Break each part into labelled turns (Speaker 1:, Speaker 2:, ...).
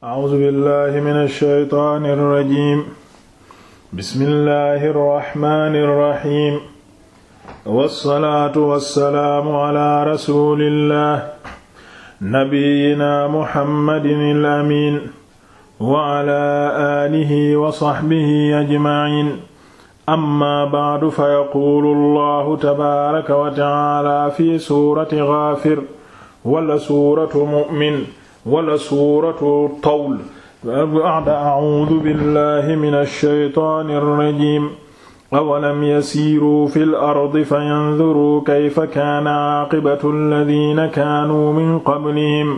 Speaker 1: A'uuzu billaahi mina shaytaani rajiim. Bismillaahi rahmaani rahiim. Wassalaatu wassalaamu alaa rasuulillaah. Nabiyyinaa Muhammadinil amiin. Wa alaa aalihi wa sahbihi ajma'iin. Ammaa ba'du fayaquulu Allaahu tabaaraka wa ta'aalaa fi suurati Ghaafir wala suuratu Mu'min. wala suuratu tawl a'uudu billahi minash shaytaanir rajiim awalam yasiiruu fil ardi fayanzuruu kayfa kaana aaqibatu alladhiina kaanuu min qablihim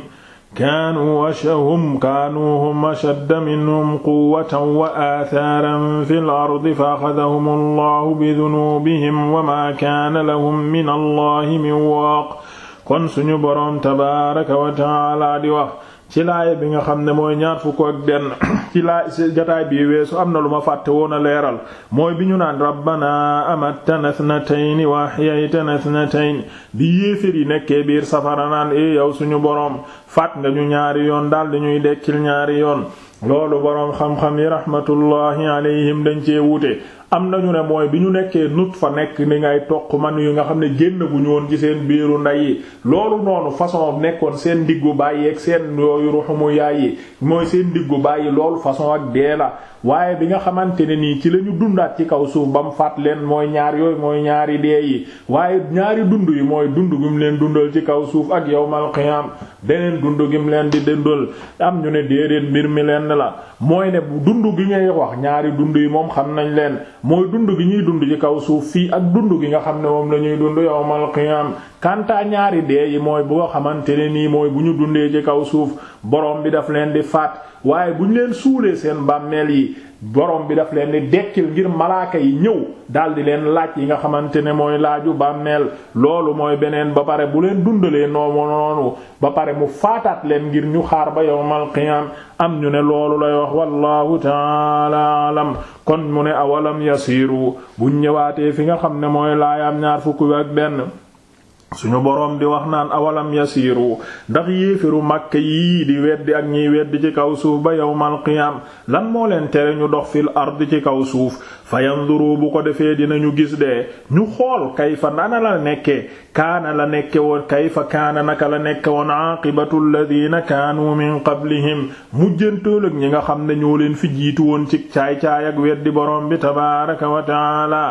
Speaker 1: kaanuu ashahum kaanuu hum ashadda minhum quwwatan wa athaaran fil ardi fa akhadhahumu allahu bidunuubihim wa maa kaana lahum min allahi min waaq kon suñu boroom tabaaraka wa taala di wax ci laaya bi nga xam ne mooy ñaar fukk ak benn ci laay ci jotaay weesu am na lu ma fàtte woon a leeral mooy bi ñu naan rabbana amattana thnatayni wa ahyaytana thnatayni bi yéefér yi nekkee biir safara naan e yow suñu boroom fàtt nga ñu ñaari yoon daal di ñuy dekkil ñaari yoon loolu boroom xam-xam yi rahmatullahi alayhim dañ cee wuute am ñu ne mooy bi ñu nekkee nut fa nekk ni ngay toq man yi nga xam ne génn bu ñu woon ci seen biiru ndey yi loolu noonu façon nekkoon seen diggu baay ak seen yooyu ruxumu yaay yi mooy seen diggu bàyyi yi loolu façon ak dee la waaye bi nga xamante ne nii ci la ñu dundaat ci kaw suuf ba mu faat leen mooy ñaar yooyu mooy ñaari dee yi waaye ñaari dund yi mooy dund gi mu leen dundal ci kaw suuf ak yow qiyaam beneen dund gi mu leen di dundal am ñu mbir mi leen la mooy dund gi wax ñaari dund yi moom xam nañ leen mooy dund gi ñuy dund ci kaw suuf fii ak dund gi nga xam ne moom lañuy dund yawmal qiyaam kanta ñaari dee yi mooy bu nga xamante ne nii mooy bu ñu dundee ci kaw suuf borom bi daf leen di faat waaye bu ñu leen suulee seen bàmmeel yi borom bi daf leen di dekkil ngir malaaka yi ñëw daldi leen laaj yi nga xamante ne mooy laaju bàmmeel loolu mooy beneen ba pare bu leen dundalee noomo noonu ba pare mu faataat leen ngir ñu xaar ba yawmal qiyaam am ñu ne loolu lay wax wallahu ta'ala kon mu ne awalam yasiiru bu ñëwaatee fi nga xam ne mooy laayaam ñaar fukk ak benn suñu boroom di wax naan awalam yasiiru ndax yéefiru màkk yii di weddi ak ñiy weddi ci kaw suuf ba yawmal qiyaam lan moo leen tere ñu dox fil ard ci kaw suuf fayanzuru bu ko defee ñu gis de ñu xool kay fa nana la nekkee kaana la nekke woon kayfa kaana naka la nekke woon aqibatu alladina kaanu min qablihim mujjantool ak ñi nga xam ne leen fi jiitu woon ci caay-caay ak weddi borom bi tabaraka wa taala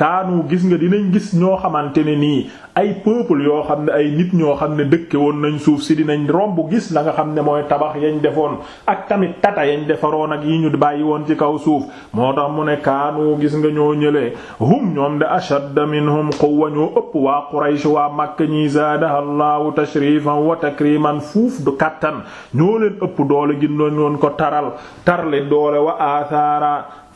Speaker 1: kaanu gis nga dinañ gis ñoo xamante ne nii ay peuple yoo xam ne ay nit ñoo xam ne dëkke woon nañ suuf si dinañ romb gis la nga xam ne mooy tabax yañ defoon ak tamit tata yañ defaroon ak yi ñu bàyyi woon ci kaw suuf moo tax mu ne kaanu gis nga ñoo ñëlee hum ñoom de ashadda minhum quwwa ñoo ëpp waa Quraysh waa Makka ñi zaadahallahu tashrifan wa takriman fuuf du kattan ñoo ëpp doole gin doon ko taral tarle doole wa athara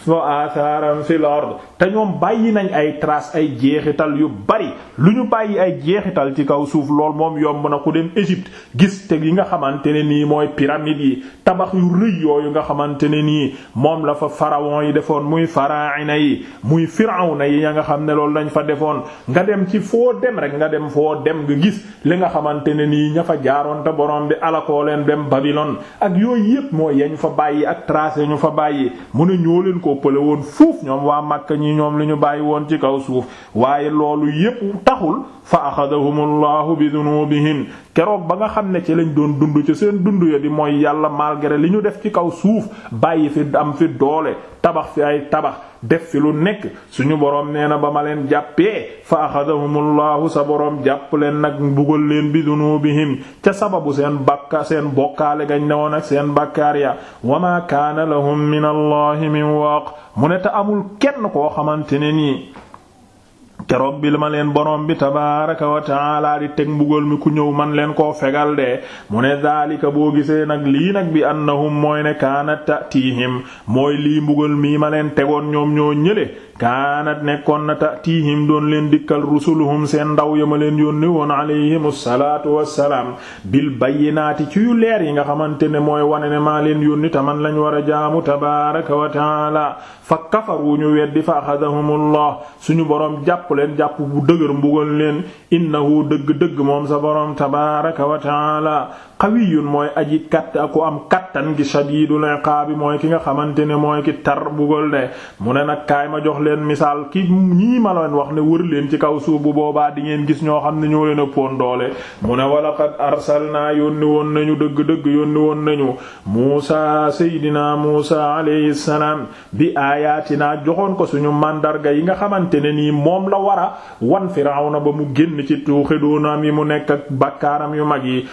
Speaker 1: fa atharam fil ard te ñoom bàyyi nañ ay traces ay jeexital yu bari lu ñu bàyyi ay jeexital ci kaw suuf lool moom yomb na ku dem Égypte gis te yi nga xamante ne nii mooy pyramides yi tabax yu rëy yooyu nga xamante ne nii moom la fa farawon yi defoon muy pharaïna yi muy firawna yi ya nga xam ne loolu lañ fa defoon nga dem ci foo dem rek nga dem foo dem nga gis li nga xamante ne nii ña fa jaaroon te borom bi alakoo leen dem Babylone ak yooyu yépp mooy yañ fa bàyyi ak traces ñu fa bàyyi ko ëppale ñoom waa Makka ñi ñoom li ñu bàyyi woon ci kaw suuf waaye loolu yépp taxul fa axadahum allahu bi bi dunubihim keroog ba nga xam ne ci lañ doon dund ci seen dund ya di mooy yàlla malgré li ñu def ci kaw suuf bàyyi fi am fi doole tabax fi ay tabax def fi lu nekk suñu boroom nee na ba ma leen jàppee fa axadahumullahu sa boroom jàpp leen nag mbugal leen bi dunubihim ca sababu seen bakka bokkaale gañ newoon ak seen bakkaar ya wa ma kaana lahum min allahi min waq mu ne te amul kenn koo xamante ne nii keroog bi ma leen borom bi tabaaraka wa ta'aala teg mbugal mi ku ñëw man leen koo fegal de mu ne daalika boo gisee nag lii nag bi annahum mooy ne kaana ta'tiihim mooy lii mbugal mii ma leen tegoon ñoom ñoo ñële kaanat nekkoon na ta'tiihim doon leen dikkal rusuluhum seen ndaw ya ma leen yónni woon alayhim salaatu wassalaam bil bayyinaati ci yu leer yi nga xamante ne mooy wane ne maa leen yónni taman lañ war a jaamu tabaaraka wa taala fa kafaru ñu weddi fa axadahumullah suñu boroom jàpp leen jàpp bu dëgër mbugal leen innahu dëgg dëgg moom sa boroom tabaaraka wa taala qawiyun mooy aji katt ku am kattan gi shadidul iqaabi mooy ki nga xamante ne mooy ki tar bugal de mu ne nag kaay ma jox leen misaal ki ñii ma leen wax ne wër leen ci kaw suuf bu boobaa di ngeen gis ñoo xam ne ñoo leen ëppoon doole mu ne walaqad arsalnaa yónni woon nañu dëgg-dëgg yónni woon nañu Muusaa seydinaa Muusaa alayhi salaam bi naa joxoon ko suñu màndarga yi nga xamante ne nii moom la war a wan na ba mu génn ci tuuxi doonaam yi mu nekk ak yu mag yi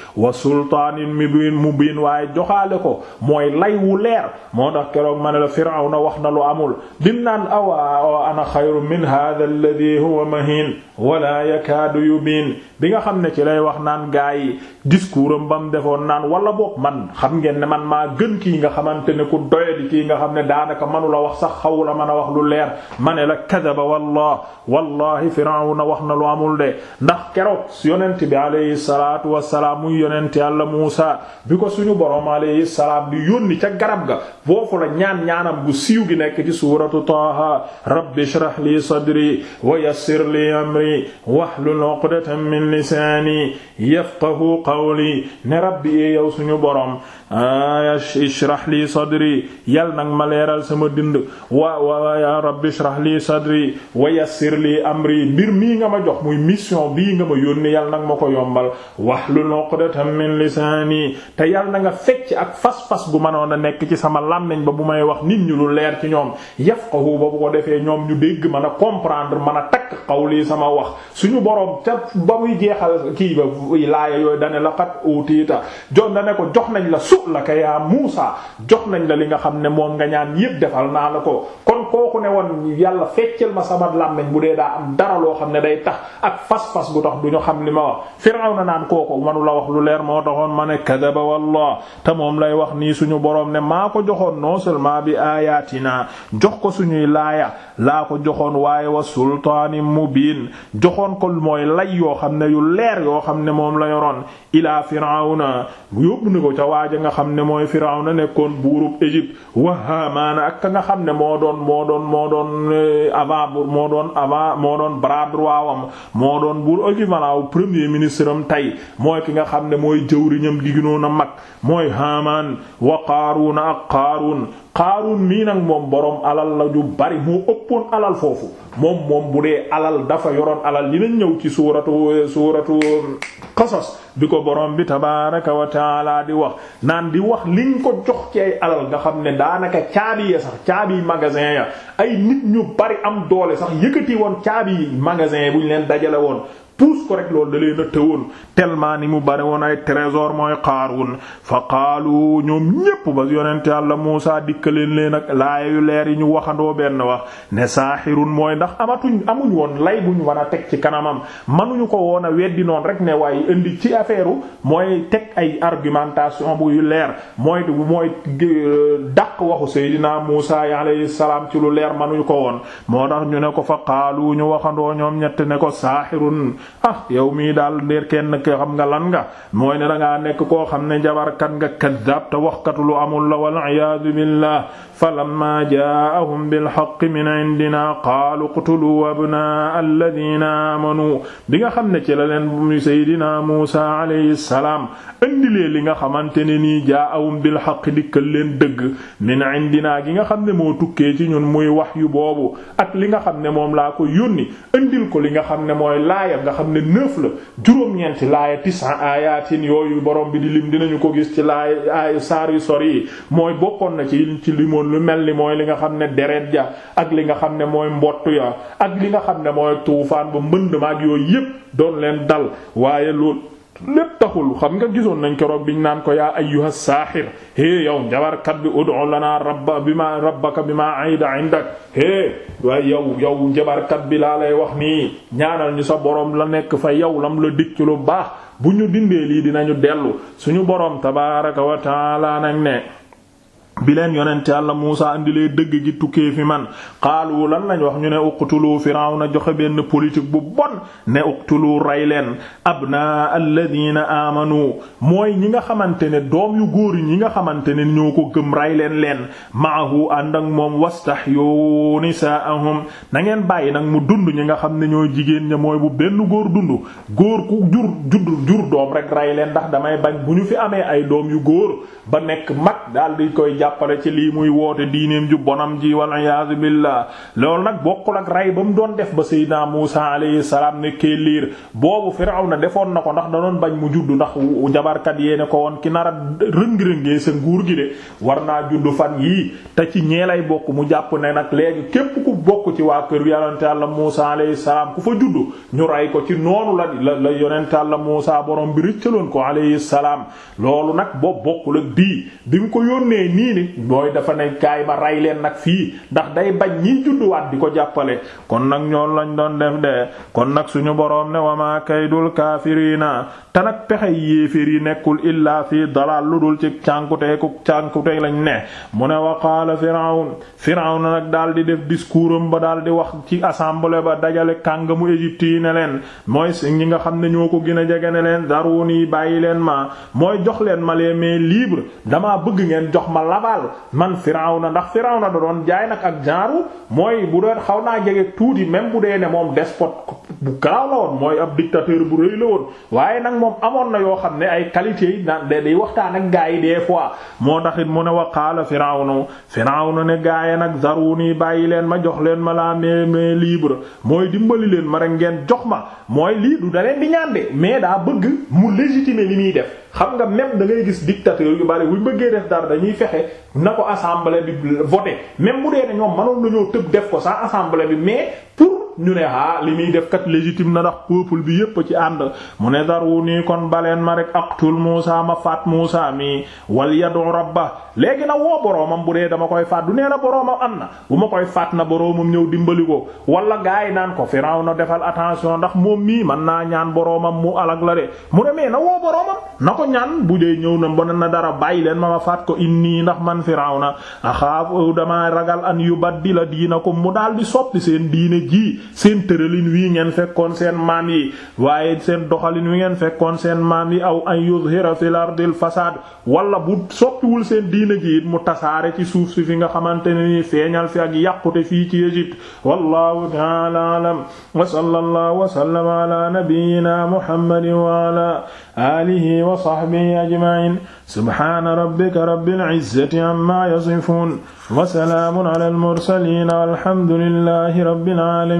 Speaker 1: sultaanin mubin mubin waaye joxaale ko mooy lay wu leer moo tax keroog ma ne la Firawna wax na lu amul dim naan awa ana xayru min hadha alladhi huwa mahin wala yakaadu yubin bi nga xam ne ci lay wax naan gaa yi discours am ba mu defoon naan wala boog man xam ngeen ne man maa gën kii nga xamante ne ku doyadi kii nga xam ne daanaka manu la wax sax xawu la mën a wax lu leer ma ne la kadaba wallah wallahi Firawna wax na lu amul de ndax keroog yonent bi alayhi salaatu wassalaam muy yonent Yàlla Muusa bi ko suñu borom alayhi salaam di yónni ca garab ga foofu la ñaan ñaanam bu siiw gi nekk ci suuratu Taaha rabbi shrah li sadri wa yassir li amri wahlul uqdatan min lisaani yafqahu qawli ne rabbi e yow suñu borom aya ishrah li sadri yal nag ma leeral sama dind wa wa ya rabbi ishrah li sadri wa yassir li amri mbir mii nga ma jox muy mission bii nga ma yónni yal nag ma ko yombal wahlul uqdatam min lisaani te yal na nga fecc ak fas-fas gu mënoon a nekk ci sama làmmiñ ba bu may wax nit ñi lu leer ci ñoom yafqahu ba bu ko defee ñoom ñu dégg mën a comprendre mën a takk lii sama wax suñu boroom ca ba muy jeexal kii ba laaya yooyu dane laqad utiita jon dane su'laka yaa Muusa jox nañ la li nga xam ne moom nga ñaan yépp defal naa la ko kon kooku ne woon yàlla feccal ma sama làmmiñ bu dee daa am dara loo xam ne day tax ak fas-fas gu tax du ñu xam li ma wax Firawna naan kooku manu la lu leer moo taxoon ma ne kadaba wallah te moom lay wax nii suñu boroom ne maa ko joxoon non seulement bi ayatina jox ko suñuy laaya laa ko joxoon waaye wa sultaani mubiin joxoon ko mooy lay yoo xam ne yu leer yoo xam ne moom la yoroon ilaa Firawna yóbbu na ko ca waaja nga nga xam ne mooy Firawna nekkoon buurub Égypte wa Haamaana ak ka nga xam ne moo doon moo doon moo doon eh, avant moo doon avant moo doon bras droit wam moo doon buur équivalent premier ministre am tey mooy ki nga xam ne mooy jëwriñam gi ginoon a mag mooy Haamaan wa Qaaruuna ak Qaaruun xaaruun mii nag moom borom alal la ju bari moo ëppoon alal foofu moom moom bu dee alal dafa yoroon alal dinañ ñëw ci suuratu suuratu qasas bi ko borom bi tabaaraka wa taala di wax naan di wax liñ ko jox ci ay alal nga xam ne daanaka caabi ya sax caabi magasin ya ay nit ñu bari am doole sax yëkkati woon caabi magasin yi bu ñu leen dajale woon puus ko rek loolu da leen a tëwoon tellement ni mu bari woon ay trésor mooy Qaaruun fa qaalu ñoom ñépp ba yonent Yàlla Muusaa dikkaleen leen ak laaya yu leer yi ñu waxandoo benn wax ne saaxirun mooy ndax amatuñ amuñ woon lay buñ war a teg ci kanamam manuñu ko woon a weddi noonu rek ne waaye indi ci affaire mooy teg ay argumentation bu yu leer mooy mooy euh, dàq waxu Seydina Muusaa alayhi salaam ci lu leer manuñu ko woon moo tax ñu ne ko fa qaalu ñoom ñett ah yow mii daal ndeer kenn ko xam nga lan ga mooy ne da nekk koo xam ne jabarkat nga kaddab te waxkat lu amul la wal iyaadu billah falamma jaa'ahum bil haqqi min indina qaalu qtulu abnaa alladina amanu bi nga xam ne ci la leen seydina Muusa alayhi salaam indilee li nga xamante ne nii jaa'ahum bil haqqi dikkal leen dëgg min indina gi nga xam ne moo tukkee ci ñun muy wax boobu ak li nga xam ne moom laa ko yónni indil ko li nga xam ne mooy laaya xam ne neuf la juróom-ñeenti laaya tisan ayatin yooyu borom bi di lim dinañu ko gis ci laay saar yu sori yi mooy bokkoon na ci ci limoon lu mel ni mooy li nga xam ne deret ja ak li nga xam ne mooy mbott ya ak li nga xam ne mooy tuufaan ba mbënd maag yooyu yépp doon leen dal waaye loolu lépp taxul xam nga gisoon nañ keroog biñ naan ko yaa ayyuha saaxir hee yow njabarkat bi ud'u lana rabba bi ma rabbaka bi ma ayda indak hee waaye yow yow njabarkat bi laa lay wax nii ñaanal ñu sa borom la nekk fa yow lam la dikk ci lu baax bu ñu dindee lii dinañu dellu suñu borom tabaaraka wa taala nañ ne bi leen yonent yàlla Muusa indilee dëgg gi tukkee fi man xaalu lan lañ wax ñu ne uqtulu na joxe benn politique bu bon ne uqtulu rey leen abnaa alladina amanu mooy ñi nga xamante ne doom yu góor yi ñi nga xamante ne ñoo ko gëm rey leen leen maahu ànd ak moom wastahyu nisaahum na ngeen bàyyi nag mu dund ñi nga xam ne ñoo jigéen ña mooy bu benn góor dund góor ku jur jur jur doom rek rey leen ndax damay bañ bu ñu fi amee ay doom yu góor ba nekk mag daal di koy jàppale ci lii muy woote diineem ju bonam ji wal iyaazu billah loolu nag bokkul ak rey ba mu doon def ba Seydina Muusa alayhi salaam nekkee liir boobu na defoon na ko ndax da doon bañ mu juddu ndax jabarkat yee ne ko woon ki nara rëng-rëngee sa nguur gi de war naa juddu fan yii te ci ñee lay bokk mu jàpp ne nag léegi képp ku bokk ci waa kër yonent Yàlla Muusa alayhi ku fa juddu ñu rey ko ci noonu la la la yonent Yàlla Muusa borom bi rëccaloon ko alayhi salaam loolu nag boo bokkul ak bii bi mu ko nit mooy dafa ne kaay ma leen nag fii ndax day bañ ñiy judduwaat di ko jàppale kon nag ñoo lañ doon def de kon nag suñu boroom ne wamaa kaydul kaafiriina te nag pexe yéefér yi nekkul illaa fii dalal lu dul ci cànkuteeku cànkute lañ ne mu ne wa qaala firawn firawn nag daal di def discours am ba daal di wax ci assemblée ba dajale mu Égypte yi ne leen mooy ñi nga xam ne ñoo ko gën a jege ne leen daruni bàyyi leen ma mooy jox leen ma les mains libres baal man Firawna ndax Firawna da doon jaay nag ak genre mooy bu doon xaw naa jege tuuti même bu dee ne moom despote bu garaaw la woon mooy ab dictateur bu rëy la woon waaye nag moom amoon na yoo xam ne ay qualité yi daan da day waxtaan ak gaa yi des fois moo taxit mu ne wa qaala firawnu firawnu ne gaa yi nag zaruni bàyyi leen ma jox leen ma la mais mais mooy dimbali leen ma rek ngeen jox ma mooy lii du da leen di mais daa bëgg mu légitimer li muy def xam nga même da ngay gis dictateur yu bari buñ bëggee def dara dañuy fexe na ko assemblée bi voté même bu dee ne ñoom mënoon nañoo tëb def ko sans assemblée bi mais pour ñu ne ah li muy def kat légitime na ndax peuple bi yépp ci ànd mu ne dara daru nii kon baleen ma rek aqtul Muusa ma faat Muusa mi wal yadu ba léegi na woo boroomam bu dee dama koy faat du nee na boroomam am na bu ma koy faat na boroomam ñëw dimbali ko wala gaa yi naan ko Firawna defal attention ndax moom mii man naa ñaan boroomam mu alag la de mu ne mais na woo boroomam na ko ñaan bu dee ñëw na ba na dara bàyyi leen ma ma faat ko inni ndax man Firawna axaaf dama ragal an yubaddila diinakum mu daal di soppi seen diine ji seen tëralin wii ngeen fekkoon seen maam yi waaye seen doxalin wi ngeen fekkoon seen maam yi aw an yuzhira fil ardil fasaad wala bu soppiwul seen diina ji it mu tasaare ci suuf si fi nga xamante ne nii feeñal fi ak yàqute fii ci Égypte wallahu ta'ala alam wa sallallahu wa sallama ala nabiyyina muhammadin wa ala alihi wa sahbihi ajma'in subhana rabbika rabbil izzati amma yasifun wa salamun ala al mursalin walhamdulillahi rabbil alamin